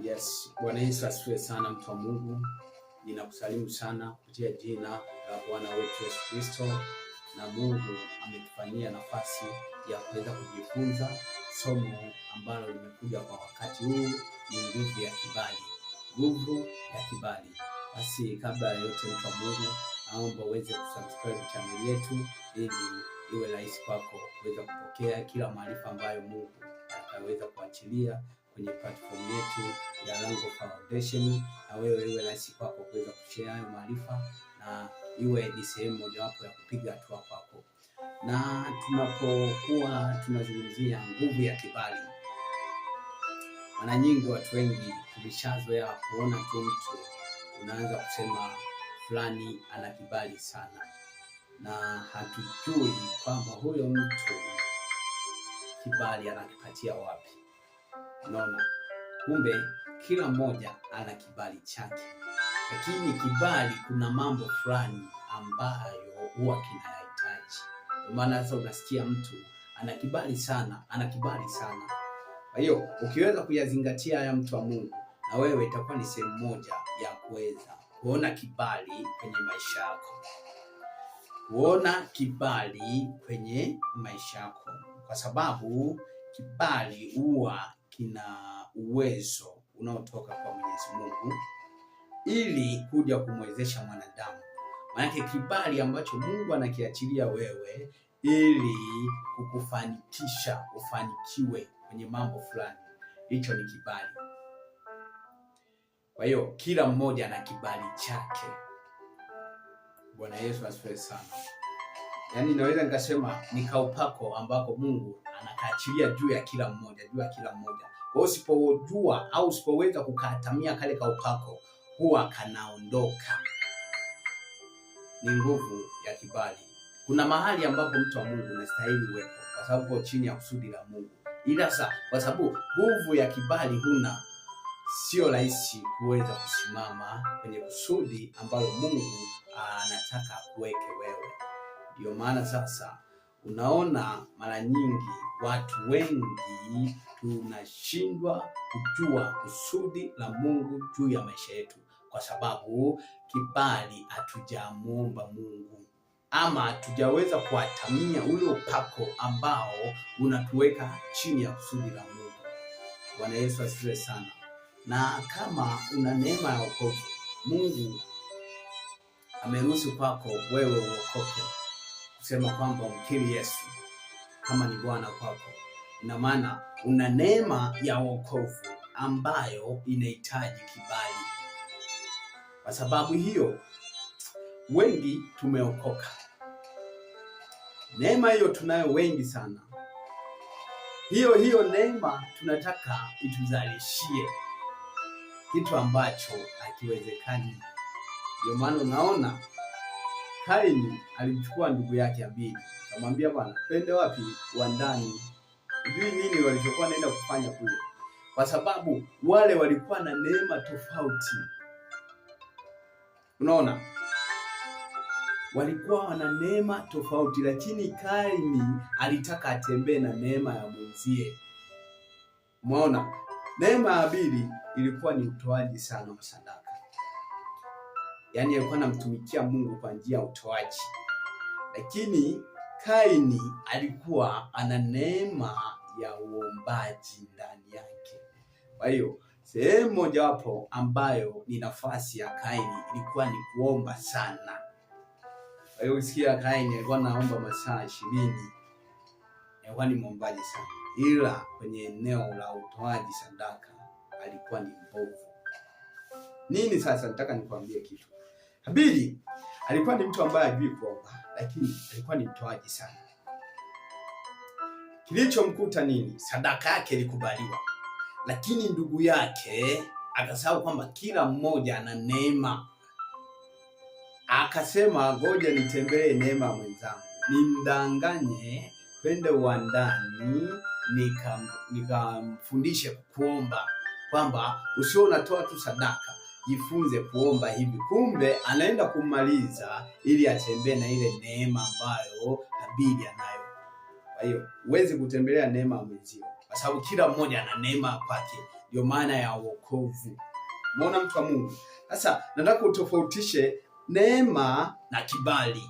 Yes, Bwana Yesu asifiwe sana mtu wa Mungu. Ninakusalimu sana kupitia jina la Bwana wetu Yesu Kristo, na Mungu ametufanyia nafasi ya kuweza kujifunza somo ambalo limekuja kwa wakati huu, ni nguvu ya kibali. Nguvu ya kibali. Basi kabla ya yote, mtu wa Mungu, naomba uweze kusubscribe channel yetu ili iwe rahisi kwako kuweza kupokea kila maarifa ambayo Mungu ataweza kuachilia kwenye platform yetu ya Lango Foundation, na wewe iwe rahisi kwako kuweza kushare hayo maarifa na iwe ni sehemu mojawapo ya kupiga hatua kwako. Na tunapokuwa tunazungumzia nguvu ya kibali, mara nyingi watu wengi tulishazoea kuona tu mtu unaanza kusema fulani ana kibali sana, na hatujui kwamba huyo mtu kibali anakipatia wapi. Unaona, kumbe kila mmoja ana kibali chake, lakini kibali, kuna mambo fulani ambayo huwa kinahitaji. Kwa maana sasa unasikia mtu ana kibali sana, ana kibali sana. Kwa hiyo ukiweza kuyazingatia haya, mtu wa Mungu, na wewe itakuwa ni sehemu moja ya kuweza kuona kibali kwenye maisha yako, kuona kibali kwenye maisha yako, kwa sababu kibali huwa kina uwezo unaotoka kwa Mwenyezi Mungu ili kuja kumwezesha mwanadamu. Maanake kibali ambacho Mungu anakiachilia wewe ili kukufanikisha ufanikiwe kwenye mambo fulani, hicho ni kibali. Kwa hiyo kila mmoja ana kibali chake. Bwana Yesu asifiwe sana. Yaani naweza nikasema ni kaupako ambako Mungu anakaachilia juu ya kila mmoja, juu ya kila mmoja. Kwa hiyo usipojua au usipoweza kukatamia kale kaukako, huwa kanaondoka. Ni nguvu ya kibali. Kuna mahali ambapo mtu wa Mungu unastahili uwepo, kwa sababu chini ya kusudi la Mungu, ila sa kwa sababu nguvu ya kibali huna, sio rahisi kuweza kusimama kwenye kusudi ambalo Mungu anataka kuweke wewe. ndio maana sasa Unaona, mara nyingi watu wengi tunashindwa kujua kusudi la Mungu juu ya maisha yetu, kwa sababu kibali hatujamwomba Mungu ama hatujaweza kuatamia ule upako ambao unatuweka chini ya kusudi la Mungu. Bwana Yesu asifiwe sana. Na kama una neema ya wokovu, Mungu ameruhusu kwako wewe uokoke kusema kwamba umkiri Yesu kama ni Bwana kwako. Ina maana una neema ya wokovu ambayo inahitaji kibali. Kwa sababu hiyo, wengi tumeokoka. Neema hiyo tunayo wengi sana. Hiyo hiyo neema tunataka ituzalishie kitu ambacho hakiwezekani. Ndio maana unaona Kaini alimchukua ndugu yake Abili, akamwambia bwana, twende wapi? Uwandani. Hujui nini walichokuwa naenda kufanya kule, kwa sababu wale walikuwa na neema tofauti. Unaona, walikuwa wana neema tofauti, lakini Kaini alitaka atembee na neema ya mwenzie. Umeona, neema ya Abili ilikuwa ni utoaji sana wa sadaka yaani alikuwa anamtumikia Mungu kwa njia ya utoaji, lakini Kaini alikuwa ana neema ya uombaji ndani yake. Kwa hiyo sehemu mojawapo ambayo ni nafasi ya Kaini ilikuwa ni kuomba sana. Kwa hiyo usikia Kaini alikuwa anaomba masaa ishirini, alikuwa ni mwombaji sana, ila kwenye eneo la utoaji sadaka alikuwa ni mbovu. Nini sasa, nataka nikwambie kitu bili alikuwa ni mtu ambaye ajui kuomba, lakini alikuwa ni mtoaji sana. Kilichomkuta nini? Sadaka yake ilikubaliwa, lakini ndugu yake akasahau kwamba kila mmoja ana neema. Akasema ngoja nitembee neema mwenzangu, nimdanganye kwende uwandani nikamfundishe nika kuomba, kwamba usio unatoa tu sadaka jifunze kuomba hivi. Kumbe anaenda kumaliza ili atembee na ile neema ambayo abidi anayo. Kwa hiyo huwezi kutembelea neema mwenzio, kwa sababu kila mmoja ana neema kwake Ndio maana ya wokovu. Umeona mtu wa Mungu? Sasa nataka utofautishe neema na kibali.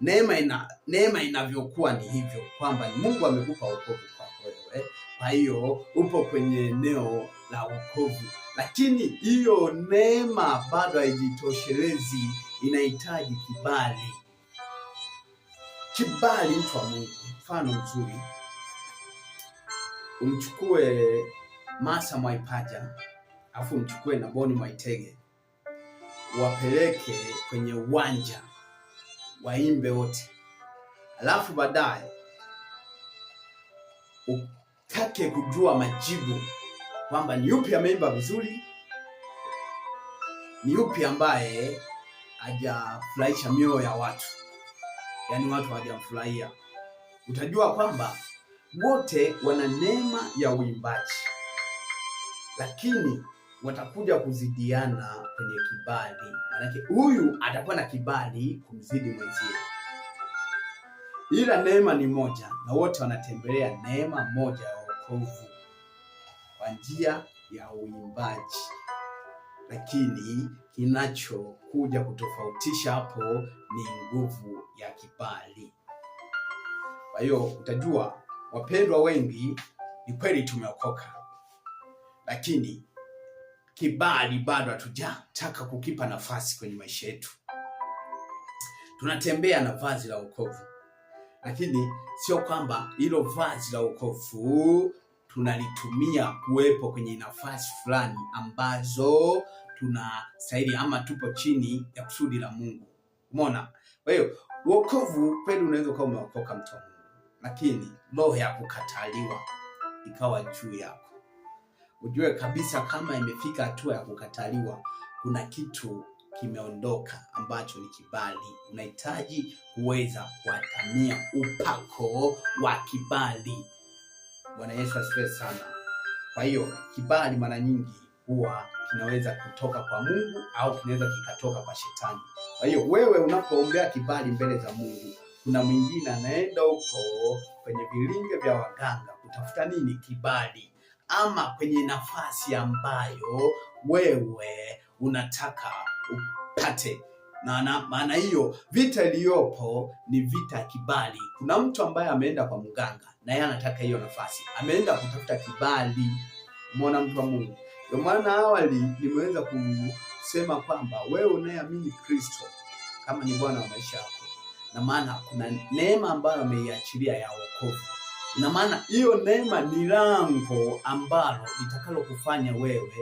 Neema ina neema inavyokuwa ni hivyo kwamba Mungu amekupa wokovu kwa wewe, kwa hiyo upo kwenye eneo la wokovu lakini hiyo neema bado haijitoshelezi, inahitaji kibali. Kibali, mtu wa Mungu. Mfano mzuri umchukue Masa Mwaipaja afu mchukue na Boni Mwaitege, wapeleke kwenye uwanja waimbe wote, alafu baadaye utake kujua majibu kwamba ni yupi ameimba vizuri, ni yupi ambaye hajafurahisha mioyo ya watu, yaani watu hawajamfurahia. Utajua kwamba wote wana neema ya uimbaji, lakini watakuja kuzidiana kwenye kibali, maanake huyu atakuwa na kibali kumzidi mwenzie, ila neema ni moja na wote wanatembelea neema moja ya wokovu kwa njia ya uimbaji, lakini kinachokuja kutofautisha hapo ni nguvu ya kibali. Kwa hiyo utajua, wapendwa wengi, ni kweli tumeokoka, lakini kibali bado hatujataka kukipa nafasi kwenye maisha yetu. Tunatembea na vazi la wokovu, lakini sio kwamba hilo vazi la wokovu tunalitumia kuwepo kwenye nafasi fulani ambazo tunastahili ama tupo chini ya kusudi la Mungu. Umeona? Kwa hiyo wokovu kweli, unaweza ukawa umeokoka mtu wa Mungu, lakini roho ya kukataliwa ikawa juu yako, ujue kabisa kama imefika hatua ya kukataliwa, kuna kitu kimeondoka ambacho ni kibali. Unahitaji kuweza kuatamia upako wa kibali. Bwana Yesu asifiwe sana. Kwa hiyo kibali mara nyingi huwa kinaweza kutoka kwa Mungu au kinaweza kikatoka kwa shetani. Kwa hiyo wewe unapoombea kibali mbele za Mungu, kuna mwingine anaenda huko kwenye vilinge vya waganga kutafuta nini? Kibali, ama kwenye nafasi ambayo wewe unataka upate na maana hiyo vita iliyopo ni vita kibali. Kuna mtu ambaye ameenda kwa mganga na yeye anataka hiyo nafasi, ameenda kutafuta kibali. Umeona mtu wa Mungu? Ndio maana awali nimeweza kusema kwamba wewe unayeamini Kristo kama ni Bwana wa maisha yako, na maana kuna neema ambayo ameiachilia ya wokovu, na maana hiyo neema ni lango ambalo kufanya wewe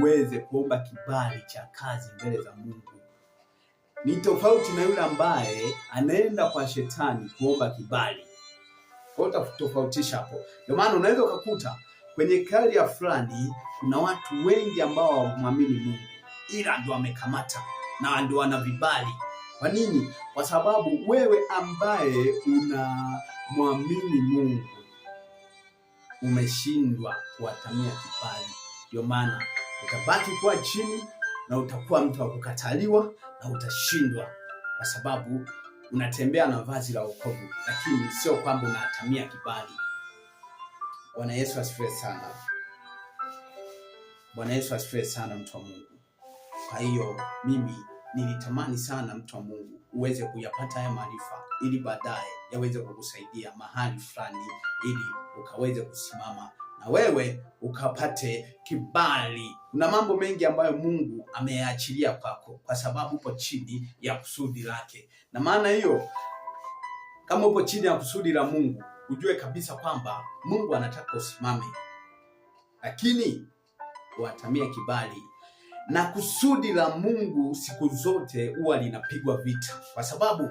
uweze kuomba kibali cha kazi mbele za Mungu ni tofauti na yule ambaye anaenda kwa shetani kuomba kibali. Kwa hiyo utatofautisha hapo. Ndio maana unaweza ukakuta kwenye ya fulani kuna watu wengi ambao hawamwamini Mungu, ila ndio wamekamata na ndio wana vibali. Kwa nini? Kwa sababu wewe ambaye unamwamini Mungu umeshindwa kuwatamia kibali, ndio maana utabaki kuwa chini na utakuwa mtu wa kukataliwa na utashindwa, kwa sababu unatembea na vazi la wokovu, lakini sio kwamba unatamia kibali. Bwana Yesu asifiwe sana. Bwana Yesu asifiwe sana, mtu wa Mungu. Kwa hiyo mimi nilitamani sana, mtu wa Mungu, uweze kuyapata haya maarifa ili baadaye yaweze kukusaidia mahali fulani, ili ukaweze kusimama na wewe ukapate kibali. Kuna mambo mengi ambayo Mungu ameyaachilia kwako kwa sababu upo chini ya kusudi lake, na maana hiyo, kama upo chini ya kusudi la Mungu, ujue kabisa kwamba Mungu anataka usimame, lakini watamia kibali na kusudi la Mungu siku zote huwa linapigwa vita, kwa sababu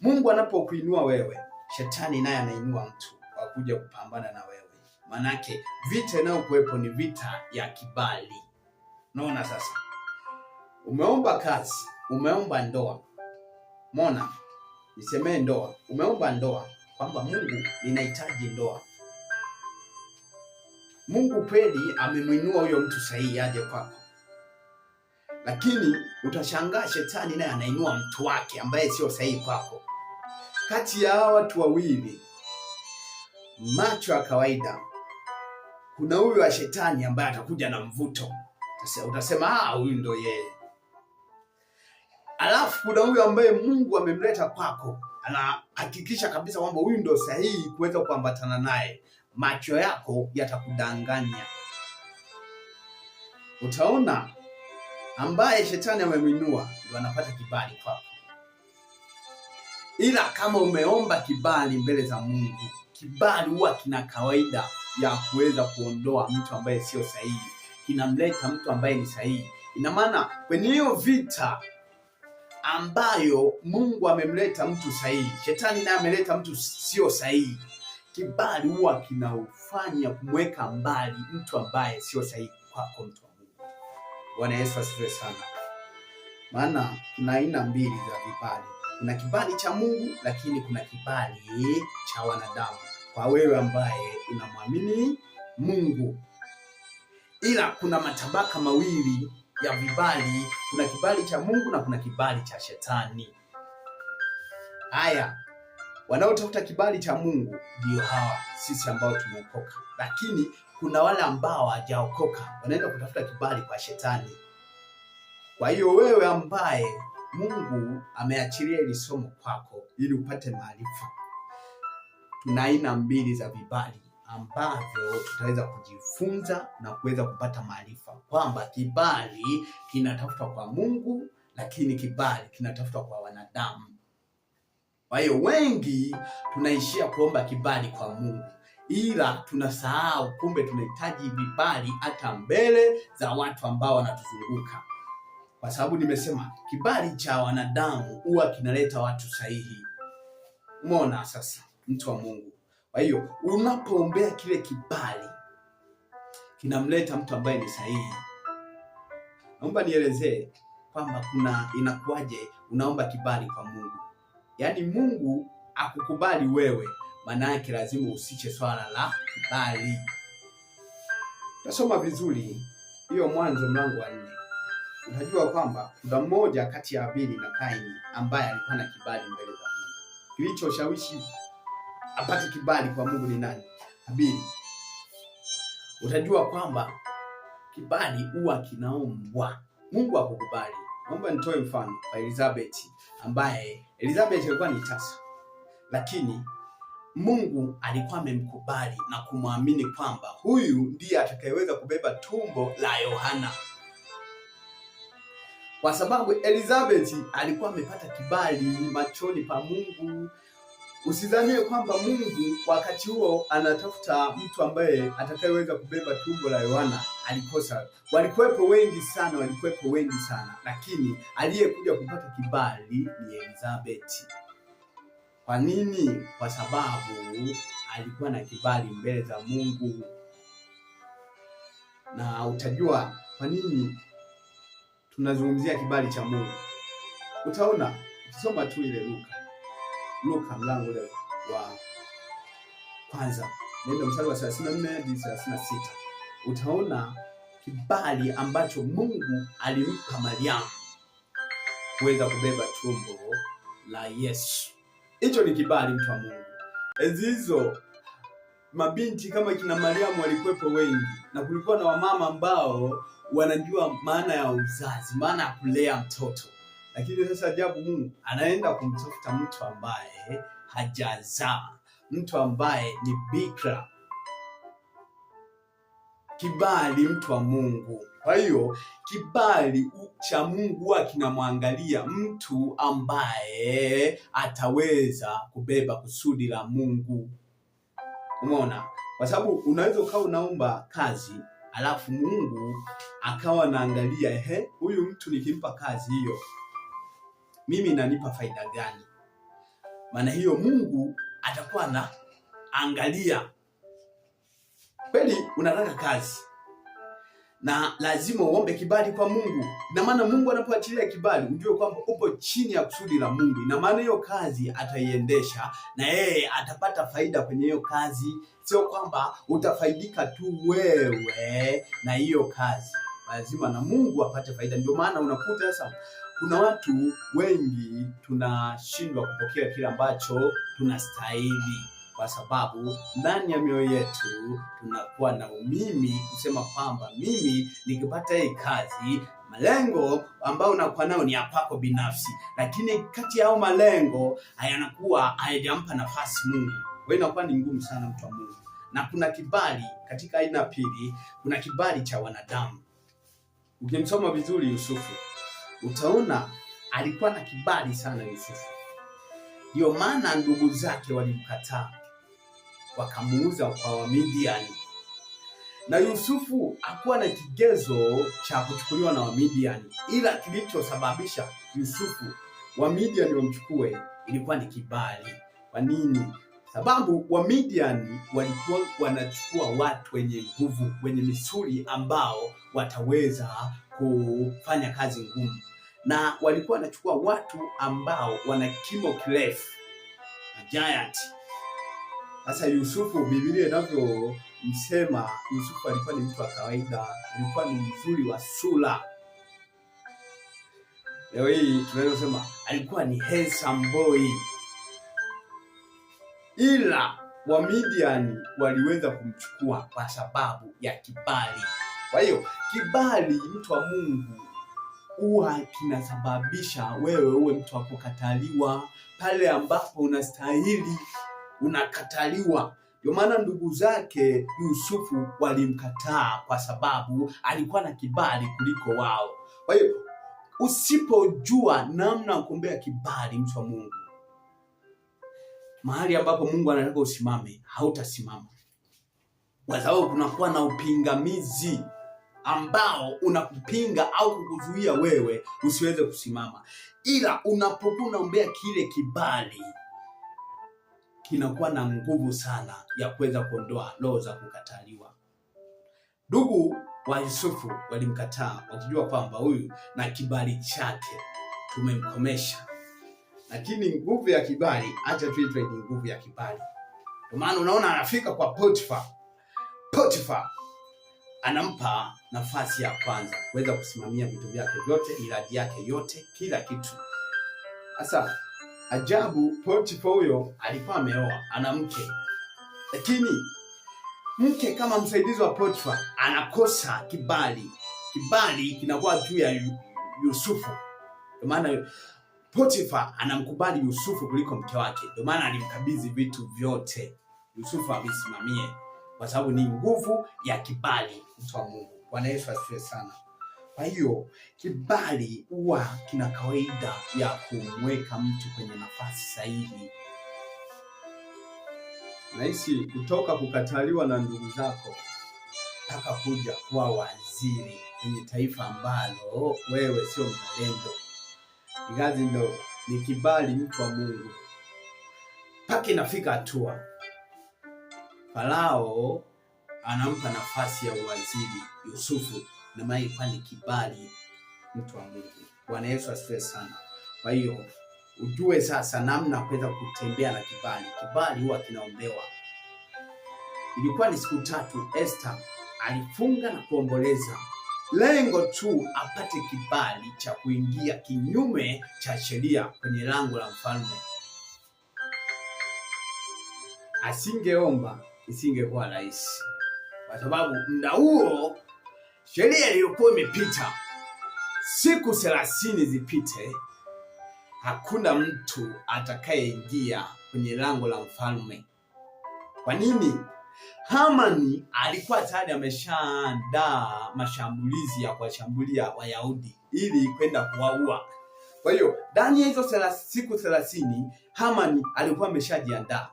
Mungu anapokuinua wewe, shetani naye anainua mtu wa kuja kupambana na wewe. Manake vita inayokuwepo ni vita ya kibali. Unaona sasa, umeomba kazi, umeomba ndoa. Mona nisemee ndoa, umeomba ndoa kwamba Mungu, ninahitaji ndoa. Mungu kweli amemwinua huyo mtu sahihi aje kwako, lakini utashangaa shetani naye anainua mtu wake ambaye sio sahihi kwako. Kati ya hawa watu wawili, macho ya kawaida kuna huyu wa shetani ambaye atakuja na mvuto, utasema ah, huyu ndo yeye. Alafu kuna huyu ambaye Mungu amemleta kwako, anahakikisha kabisa kwamba huyu ndo sahihi kuweza kuambatana naye. Macho yako yatakudanganya, utaona ambaye shetani amemwinua ndio anapata kibali kwako, ila kama umeomba kibali mbele za Mungu, kibali huwa kina kawaida ya kuweza kuondoa mtu ambaye sio sahihi, inamleta mtu ambaye ni sahihi. Ina maana kwenye hiyo vita ambayo Mungu amemleta mtu sahihi, shetani naye ameleta mtu sio sahihi. Kibali huwa kinaufanya kumweka mbali mtu ambaye sio sahihi kwako, mtu wa Mungu. Bwana Yesu asifiwe sana. Maana kuna aina mbili za vibali, kuna kibali cha Mungu, lakini kuna kibali cha wanadamu kwa wewe ambaye unamwamini Mungu. Ila kuna matabaka mawili ya vibali, kuna kibali cha Mungu na kuna kibali cha shetani. Haya, wanaotafuta kibali cha Mungu ndio hawa sisi ambao tumeokoka, lakini kuna wale ambao hawajaokoka wanaenda kutafuta kibali kwa shetani. Kwa hiyo wewe ambaye Mungu ameachilia hili somo kwako ili upate maarifa tuna aina mbili za vibali ambavyo tutaweza kujifunza na kuweza kupata maarifa, kwamba kibali kinatafutwa kwa Mungu, lakini kibali kinatafutwa kwa wanadamu. Kwa hiyo wengi tunaishia kuomba kibali kwa Mungu, ila tunasahau kumbe tunahitaji vibali hata mbele za watu ambao wanatuzunguka, kwa sababu nimesema kibali cha wanadamu huwa kinaleta watu sahihi. Umeona sasa mtu wa Mungu. Kwa hiyo unapoombea kile kibali kinamleta mtu ambaye ni sahihi. Naomba nielezee kwamba kuna inakuwaje unaomba kibali kwa Mungu, yaani Mungu akukubali wewe, maana yake lazima usiche swala la kibali. Tasoma vizuri hiyo Mwanzo mlango wa nne. Unajua kwamba kuna mmoja kati ya Abeli na Kaini ambaye alikuwa na kibali mbele za Mungu kilichoshawishi apate kibali kwa Mungu ni nani? Habili. Utajua kwamba kibali huwa kinaombwa. Mungu akukubali. Naomba nitoe mfano kwa Elizabeth ambaye Elizabeth alikuwa ni tasa, lakini Mungu alikuwa amemkubali na kumwamini kwamba huyu ndiye atakayeweza kubeba tumbo la Yohana, kwa sababu Elizabeth alikuwa amepata kibali machoni pa Mungu. Usidhanie kwamba Mungu wakati huo anatafuta mtu ambaye atakayeweza kubeba tumbo la Yohana. Alikosa, walikuwepo wengi sana, walikuwepo wengi sana, lakini aliyekuja kupata kibali ni Elizabeti. Kwa nini? Kwa sababu alikuwa na kibali mbele za Mungu, na utajua kwa nini tunazungumzia kibali cha Mungu. Utaona ukisoma tu ile Luka Luka mlango ule wa kwanza nenda mstari wa 34 hadi 36, utaona kibali ambacho Mungu alimpa Mariamu kuweza kubeba tumbo la Yesu. Hicho ni kibali, mtu wa Mungu. Enzi hizo mabinti kama kina Mariamu walikuwepo wengi, na kulikuwa na wamama ambao wanajua maana ya uzazi, maana ya kulea mtoto lakini sasa ajabu, Mungu anaenda kumtafuta mtu ambaye hajazaa, mtu ambaye ni bikra, kibali, mtu wa Mungu. Kwa hiyo kibali cha Mungu huwa kinamwangalia mtu ambaye ataweza kubeba kusudi la Mungu. Umeona? Kwa sababu unaweza ukawa unaomba kazi alafu Mungu akawa anaangalia, ehe, huyu mtu nikimpa kazi hiyo mimi inanipa faida gani? Maana hiyo Mungu atakuwa na angalia kweli, unataka kazi na lazima uombe kibali kwa Mungu. Ina maana Mungu anapoachilia kibali, ujue kwamba upo chini ya kusudi la Mungu. Ina maana hiyo kazi ataiendesha, na yeye atapata faida kwenye hiyo kazi, sio kwamba utafaidika tu wewe na hiyo kazi, lazima na Mungu apate faida. Ndio maana unakuta sasa kuna watu wengi tunashindwa kupokea kile ambacho tunastahili, kwa sababu ndani ya mioyo yetu tunakuwa na umimi kusema kwamba mimi nikipata hii kazi malengo ambayo unakuwa nayo ni ya binafsi, lakini kati ya hao malengo hayanakuwa hayajampa nafasi Mungu. Kwa hiyo inakuwa ni ngumu sana mtu wa Mungu. Na kuna kibali katika aina pili, kuna kibali cha wanadamu. Ukimsoma vizuri Yusufu Utaona alikuwa na kibali sana Yusufu, ndio maana ndugu zake walimkataa wakamuuza kwa Wamidiani, na Yusufu hakuwa na kigezo cha kuchukuliwa na Wamidiani, ila kilichosababisha Yusufu Wamidiani wamchukue ilikuwa ni kibali. Kwa nini? Sababu Wamidiani walikuwa wanachukua watu wenye nguvu, wenye misuli ambao wataweza kufanya kazi ngumu na walikuwa wanachukua watu ambao wana kimo kirefu giant. Sasa Yusufu, Biblia inavyomsema Yusufu alikuwa ni mtu wa kawaida, alikuwa ni mzuri wa sura. Leo hii tunaweza sema alikuwa ni handsome boy, ila Wamidiani waliweza kumchukua kwa sababu ya kibali. Kwa hiyo kibali, mtu wa Mungu huwa kinasababisha wewe uwe mtu wa kukataliwa pale ambapo unastahili unakataliwa. Ndio maana ndugu zake Yusufu walimkataa kwa sababu alikuwa na kibali kuliko wao. Kwa hiyo usipojua namna ya kuombea kibali, mtu wa Mungu, mahali ambapo Mungu anataka usimame, hautasimama kwa sababu kunakuwa na upingamizi ambao unakupinga au kukuzuia wewe usiweze kusimama, ila unapokuwa unaombea kile kibali kinakuwa na nguvu sana ya kuweza kuondoa roho za kukataliwa. Ndugu wa Yusufu walimkataa wakijua kwamba huyu na kibali chake tumemkomesha, lakini nguvu ya kibali, acha tuitwe ni nguvu ya kibali. kwa maana unaona anafika kwa Potifa. Potifa anampa nafasi ya kwanza kuweza kusimamia vitu vyake vyote, miradi yake yote, kila kitu. Sasa ajabu, huyo alikuwa ameoa, ana mke, lakini mke kama msaidizi wa Potifa anakosa kibali. Kibali kinakuwa juu ya Yusufu, kwa maana Potifa anamkubali Yusufu kuliko mke wake, ndio maana alimkabidhi vitu vyote Yusufu avisimamie kwa sababu ni nguvu ya kibali, mtu wa Mungu. Bwana Yesu asifiwe sana. Kwa hiyo kibali huwa kina kawaida ya kumweka mtu kwenye nafasi sahihi. Nahisi kutoka kukataliwa na ndugu zako mpaka kuja kuwa waziri kwenye taifa ambalo wewe sio mzalendo, ni kazi ndogo, ni kibali, mtu wa Mungu, mpaka inafika hatua Farao anampa nafasi ya uwaziri Yusufu, na maana ilikuwa ni kibali, mtu wa Mungu. Bwana Yesu asifiwe sana. Kwa hiyo ujue sasa namna kuweza kutembea na kibali. Kibali huwa kinaombewa. Ilikuwa ni siku tatu, Esther alifunga na kuomboleza, lengo tu apate kibali cha kuingia kinyume cha sheria kwenye lango la mfalme. Asingeomba isingekuwa rahisi, kwa sababu muda huo sheria iliyokuwa imepita, siku 30 zipite, hakuna mtu atakayeingia kwenye lango la mfalme. Kwa nini? Hamani alikuwa tayari ameshaandaa mashambulizi ya kuwashambulia Wayahudi ili kwenda kuwaua. Kwa hiyo ndani ya hizo siku thelathini Hamani alikuwa ameshajiandaa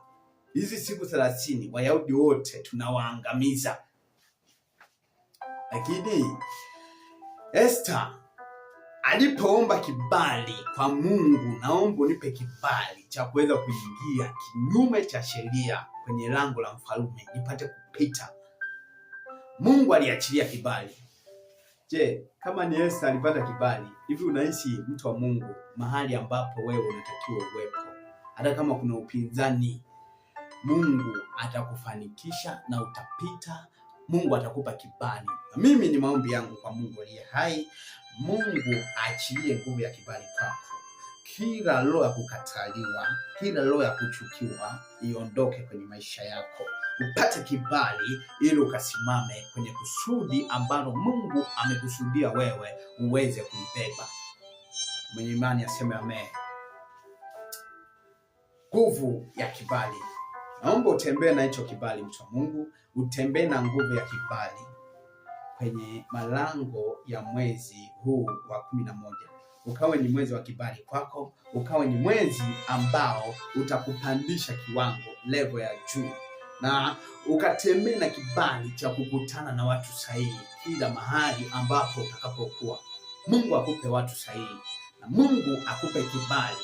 hizi siku thelathini Wayahudi wote tunawaangamiza. Lakini Esther alipoomba kibali kwa Mungu, naomba unipe kibali cha kuweza kuingia kinyume cha sheria kwenye lango la mfalume nipate kupita. Mungu aliachilia kibali. Je, kama ni Esther alipata kibali, hivi unaishi mtu wa Mungu mahali ambapo wewe unatakiwa uwepo, hata kama kuna upinzani Mungu atakufanikisha na utapita. Mungu atakupa kibali. Mimi ni maombi yangu kwa Mungu aliye hai, Mungu achilie nguvu ya kibali kwako. Kila roho ya kukataliwa, kila roho ya kuchukiwa iondoke kwenye maisha yako, upate kibali ili ukasimame kwenye kusudi ambalo Mungu amekusudia wewe uweze kulibeba. Mwenye imani aseme amen. Nguvu ya kibali. Naomba utembee na hicho kibali, mtu wa Mungu, utembee na nguvu ya kibali kwenye malango ya mwezi huu wa kumi na moja ukawe ni mwezi wa kibali kwako, ukawe ni mwezi ambao utakupandisha kiwango, levo ya juu, na ukatembee na kibali cha kukutana na watu sahihi kila mahali ambapo utakapokuwa. Mungu akupe watu sahihi na Mungu akupe kibali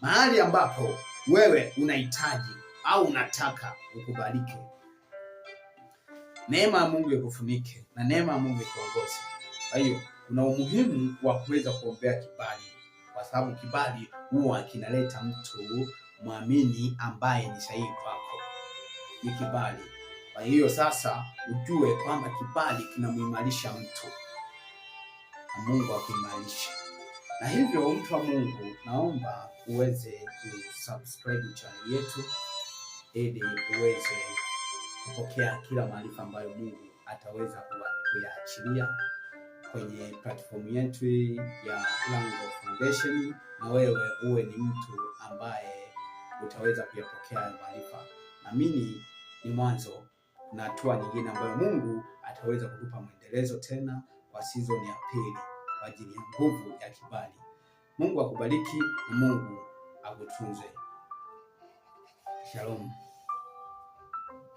mahali ambapo wewe unahitaji au unataka ukubalike. Neema ya Mungu ikufunike na neema ya Mungu ikuongoze. Kwa hiyo kuna umuhimu wa kuweza kuombea kibali, kwa sababu kibali huwa kinaleta mtu mwamini ambaye ni sahihi kwako, ni kibali. Kwa hiyo sasa ujue kwamba kibali kinamuimarisha mtu na Mungu akuimarisha. Na hivyo mtu wa Mungu, naomba uweze kusubscribe channel yetu ili uweze kupokea kila maarifa ambayo Mungu ataweza kuyaachilia kwenye platform yetu ya Lango Foundation, na wewe uwe ni mtu ambaye utaweza kuyapokea maarifa maarifa. Naamini ni mwanzo na hatua nyingine ambayo Mungu ataweza kutupa mwendelezo tena kwa season ya pili kwa ajili ya nguvu ya kibali. Mungu akubariki na Mungu akutunze. 小龙。